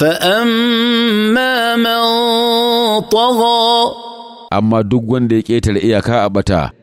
fa’amma man tagha. Amma duk wanda ya ƙetare iyaka a bata.